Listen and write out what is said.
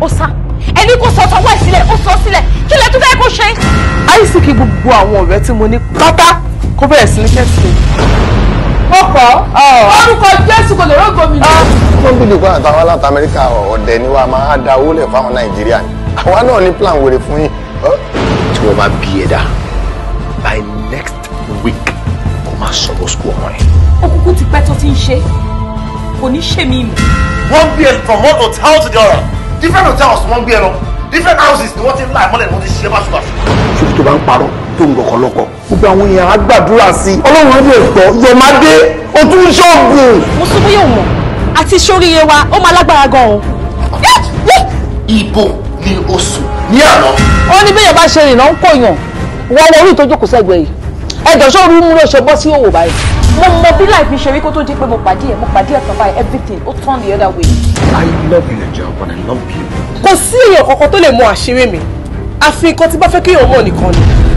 ó sá ẹni kò sọ sọwọ́ ẹ̀ sílẹ̀ ó sọ sílẹ̀ kí lẹ tún fẹ́ kó ṣe. àìsí kí gbogbo àwọn ọ̀rẹ́ tí mo ní pátá kó bẹ̀rẹ̀ sí ní kẹ́sì. mo kọ́ orúkọ jésù kò lè rògbò mi. wọ́n bí dùkọ́ àtàwọn aláta amẹ́ríkà ọ̀dẹ̀ ni wàá máa da owó lẹ̀ fáwọn nàìjíríà ni àwa náà ní plan wèrè fún yín. tí wọ́n bá bí ẹ̀dá by next week kò máa sọ̀rọ̀ sukù ọmọ yẹn. òkùnkùn ti pẹ́ tó ti ń ṣe kò ní ṣèmí mi. one bill from one hotel to the other different hotels wọ́n gbé ẹ lọ different houses ni wọ́n ti ń la ìmọ́lẹ̀ ni wọ́n ti ṣiṣẹ́ báṣubàṣu. ṣùgbọ́n tó bá ń parọ́ tó ń gọkọ lọ́kọ. gbogbo àwọn èèyàn á gbàdúrà sí i ọlọ́run lè gbọ́ yọ̀mádé o tún ń ṣọ́ọ̀gùn. mùsùlùmí yóò mọ̀ àti sóríire wa ó máa lágbára gan-an. ibo ni oṣù ní àná. ó ní bẹ́ẹ̀ bá ṣe rìn lọ ń kọ̀yàn wọ́n wọ orí ìtọ́jú kò sẹ́gbẹ̀ẹ́ yìí ẹ̀dọ̀ sóòrù mú ló ṣe bọ́ mo mọ bí láì fi ṣe rí kó tó di pé mo pàdé ẹ̀ mo pàdé ẹ̀ tán báyìí everything ó turn the other way. I love you Naija but I love you. Kò sí èèyàn kankan tó lè mọ àṣírí mi. Àfi nǹkan tí bá fẹ́ kéèyàn mọ̀ nìkan ni.